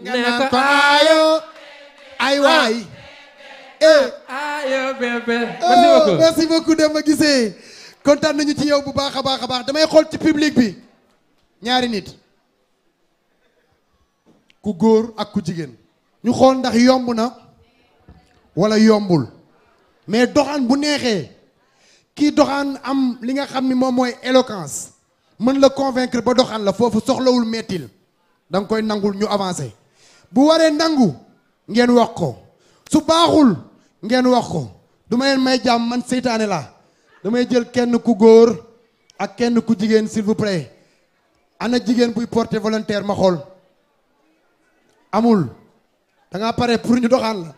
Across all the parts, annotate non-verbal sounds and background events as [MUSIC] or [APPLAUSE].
ne ko ayo ay ah. waay eh ayo ku oh, merci beaucoup gisee beaucoup kontaan nañu ci yow bu baax a baax a baax damay xool ci public bi ñaari nit ku góor ak ku jigéen ñu xool ndax yomb na walla yombul mais doxaan bu neexee kii doxaan am li nga xam ni moom mooy éloquence mën la convaincre ba doxaan la foofu soxlawul mettil da nga koy nangul ñu avancer bu waree nangu ngeen wax ko su baaxul ngeen wax ko du ma leen may jàmm man seytaane la damay jël kenn ku góor ak kenn ku jigéen s'il vous plaît ana jigéen kuy porté volontaire ma xool amul da ngaa pare pour ñu doxaan la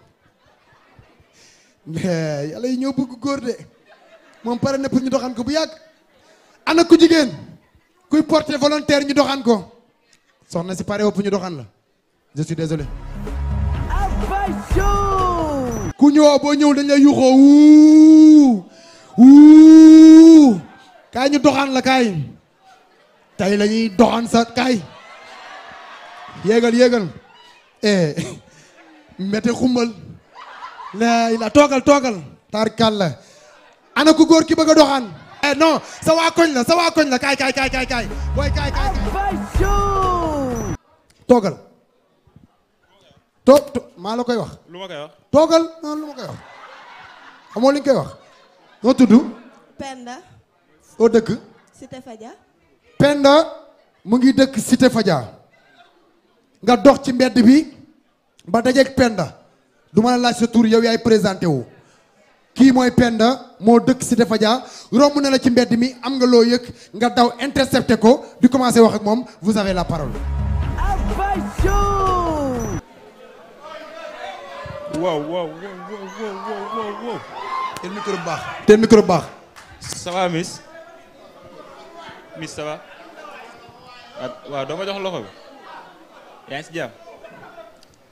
mais yàlla yi ñoo bëgg góor de moom pare ne pour ñu doxaan ko bu yàgg ana ku jigéen kuy porter volontaire ñu doxaan ko soxna si pare woo pour ñu doxaan la je suis désolé. Abba Show. ku ñëw boo ñëw dañ lay yuxoo wuu wuu kaay ñu doxaan la kaay tey la ñuy doxaan sa kaay yéegal yéegal eh [LAUGHS] mette xumbal la la toogal toogal. tarkal la ana ku góor ki bëgg a doxaan. eh non sa waa koñ la sa waa koñ la kaay kaay kaay kaay kaay. booy kaay kaay kaay. Abba Show. toogal. toog maa la koy wax. lu ma koy wax. toogal non lu ma koy wax. xamoo li koy wax. noo tudd. Penda. foo dëkk. Cité Fadia. Penda mu ngi dëkk Cité Fadia. nga dox ci mbedd bi ba dajeeg Penda duma la laaj sa tur yow yaay présenté wu. kii mooy Penda moo dëkk Cité Fadia romb na la ci mbedd mi am nga loo yëg nga daw intercepté ko di commencé wax ak moom vous avez la parole. waaw waaw waaw waaw teel micro bu baax teel micro bu baax. ça va miss. miss ça va. Ah, waaw doo ma jox loxo bi. yaa ngi si jàmm.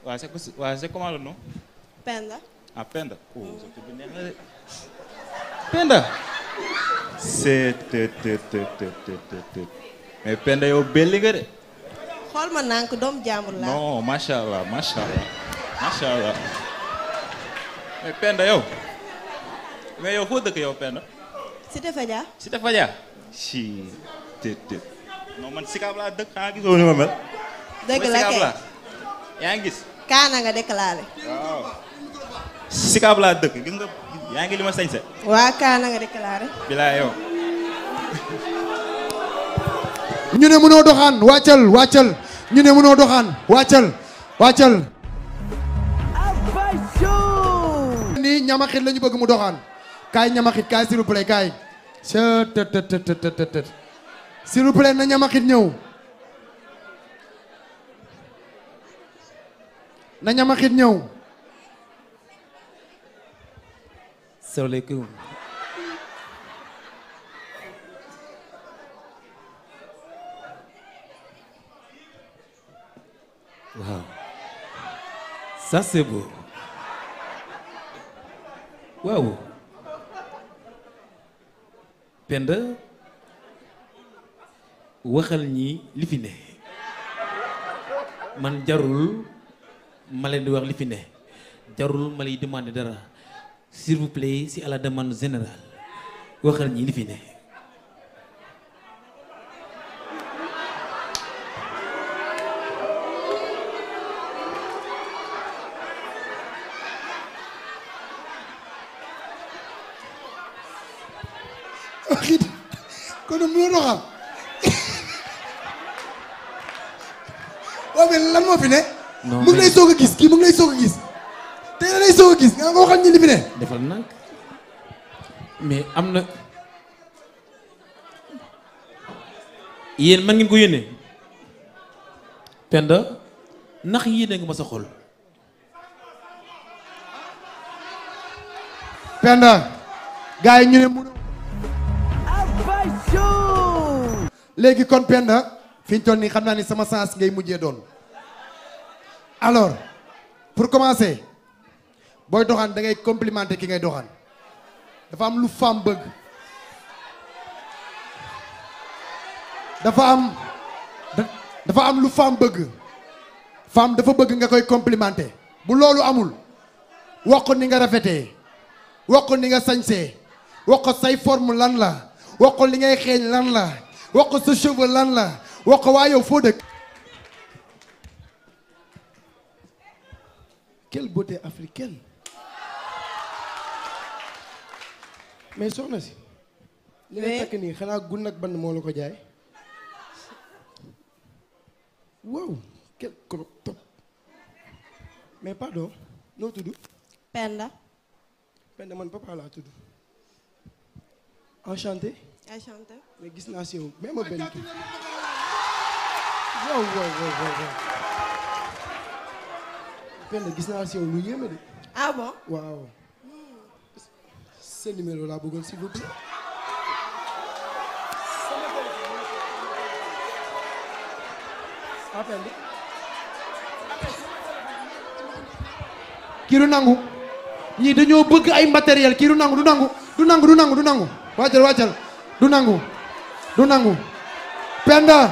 waaw c'est waaw c'est comment le nom. Penda. ah Penda. oh sa tur bi neex na de. Penda. c'est te te te te te mais Penda yow belli nga de. xool ma nànk doomu jàmbur laa. non macha allah macha allah macha allah. mais eh, Penda yow mais yow foo dëkk yow Penda. Cité Fadia. Cité Fadia. si déet déet. non man Sicap dëkk xanaa gisoo ni ma mel. la kay yaa gis. Kaana nga déclaré. waaw. Sicap laa dëkk gis nga yaa ngi li waa Kaana nga déclaré. bilaa yow. ñu ne mënoo doxaan wàccal wàccal ñu ne doxaan wàccal wàccal. nii ñamaxit lañu bëgg mu doxaan kaay ñamaxit kaay s'il vous plaît kaay cëtëtëtëtëtët na ñamaxit ñëw na ñamaxit ñëw salaamaaleykum waaw waaw penda waxal ñi li fi ne man jarul ma leen di wax li fi ne jarul ma lay demande dara s'il vous plaît si à la demande générale waxal ñi li fi Akit kono mënoo doxal waaw mais lan moo fi ne. mu ngi lay soog gis kii mu ngi lay soog a gis tey la lay soog gis nga nga waxal ñu li fi ne. defal nank mais am na yéen ma ngeen ko yónnee. Penda ndax yéene nga ma sa xol. Penda yi ñu ne mënoo. léegi kon Penda fi ñu toll nii xam naa ni sama sance ngay mujjee doon alors pour commencer booy doxaan da ngay complimenter ki ngay doxaan dafa am lu femme bëgg dafa am dafa am lu femme bëgg femme dafa bëgg nga koy complimenter bu loolu amul wax ni nga rafetee wax ni nga sañsee wax say forme lan la wax li ngay xeeñ lan la wax ko sa cheveux lan la wax ko foo dëkk quelle beauté africaine mais soxna si li nga takk nii xanaa gun ak band moo la ko jaay waaw quel crop top mais pardon noo tudd Penda Penda man papa laa enchanté ay gis naa si yow ma benn kii wow wow wow wow gis naa si sa ah numéro laa bëggoon s'il vous plaît. appel bi. nangu. ñii dañoo bëgg ay matériel kii du nangu du nangu du nangu du nangu du nangu du nangu Penda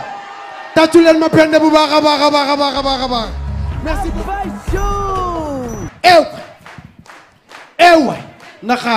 tàccu leen ma Penda bu baax a baax a baax a baax a baax a baax merci beaucoup ew ew eh eh waay naxaar